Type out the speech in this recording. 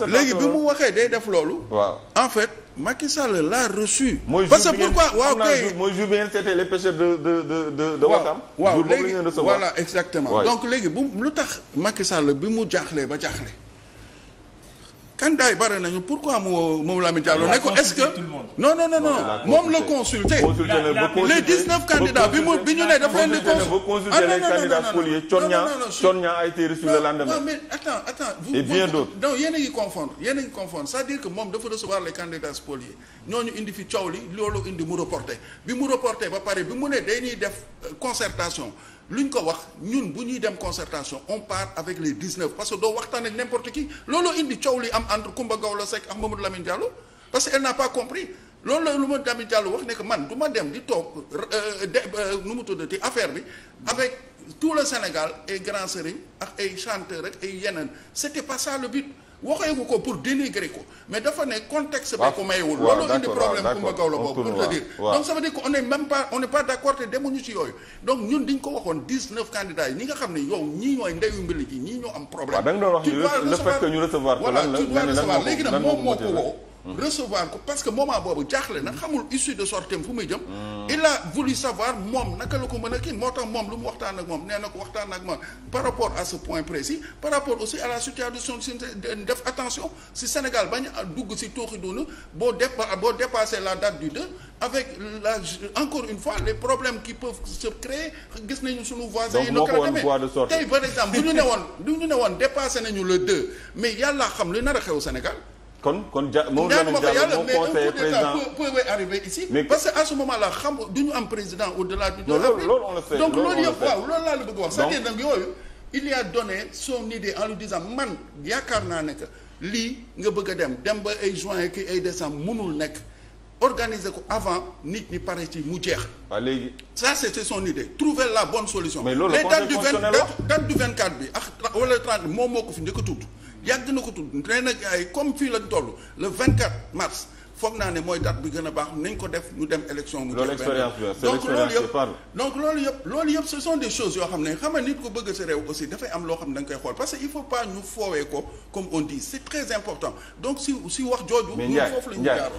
léegi bi mu waxee day def loolu. waaw en fait Macky Sall l'a reçu. parce que pourquoi waaw kay mooy jour bi ngeen seetee les pêcheurs de de de de de waaw léegi voilà exactement. donc léegi bu lu tax Macky Sall bi mu jaaxlee ba jaaxle. candidat yi bare nañu pourquoi moo moom Lamine Diallo ne ko est-ce que non non non non moom la consulter les 19 candidats bi mu bi ñu ne daf leen di consulter ah non non non non cest dire que moom dafa recevoir les candidats spoliés ñooñu indi fi coow li loolu indi mu reporté bi mu reporté ba pare bi mu ne dañuy def euh, concertation ñu ko wax ñun bu ñuy dem concertation on part avec les 19 parce que doo waxtaan ak n'importe qui looloo indi coow li am entre Coumba Gawlo Seck ak Mamadou Lamine Diallo parce que elle n'a pas compris loolu la lu ma tamit jàll wax ne que man du ma dem di toog euh, de euh, nu mu tuddati affaire bi avec tout le Sénégal ay grand sëriñ ak ay chanteur rek ay yeneen c'était pas ça le but ko pour dénigrer ko mais dafa ne contexte ba ko mayewul loolu indi pour te dire donc ça veut dire que on est même pas on est pas d'accord te demuñu ci yooyu donc ñun diñ ko waxoon dix-neuf yi ñi nga xam ne yow ñii ñooy ndeyu mbili ji ñii ñoo am problème tu dois recevoir voilà tu dois recevoir léegi recevoir ko parce que moment boobu jaaxle na xamul issue de sortie fu muy jëm. Mm. il a voulu savoir moom naka la ko mën a kii moo tax moom lu mu waxtaan ak moom nee na ko waxtaan ak moom par rapport à ce point précis par rapport aussi à la situation si def attention si Sénégal bañ a dugg si tooxi doonu boo dépa boo dépassé la date du 2 avec la encore une fois les problèmes qui peuvent se créer gis nañu suñu voisins yi naka la demee tey par exemple ne woon du woon dépassé nañu le 2 mais yàlla xam a xew Sénégal kon kon ja moom Lamine Diallo moom conseiller président mais un arriver ici. mais parce que à ce moment là xam du ñu am président au delà du. non donc loolu yëpp loolu laa la bëgg wax. donc dire nag yooyu il y a son idée en lui disant man yaakaar naa ne que lii nga bëgg a dem dem ba ay join kii ay décembre mënul nekk organiser ko avant nit ñi pare ci mu jeex. waaw léegi. ça c'était son idée trouver la bonne solution. mais loolu date du 20 date du 24 bi ak ah, wala 30 moom moo ko fi njëkk a tudd. yàgg na ko tudd nee na ay comme fii lañ toll le mars foog naa ne mooy date bi gën a baax nañ ko def ñu dem élection mu donc loolu yëpp donc loolu yëpp loolu yëpp ce sont des choses yoo xam ne xam nga nit ko bëgg sa réew aussi dafay am loo xam ne da nga koy xool parce il faut pas ñu foowee ko jooju foofu la ñu jaar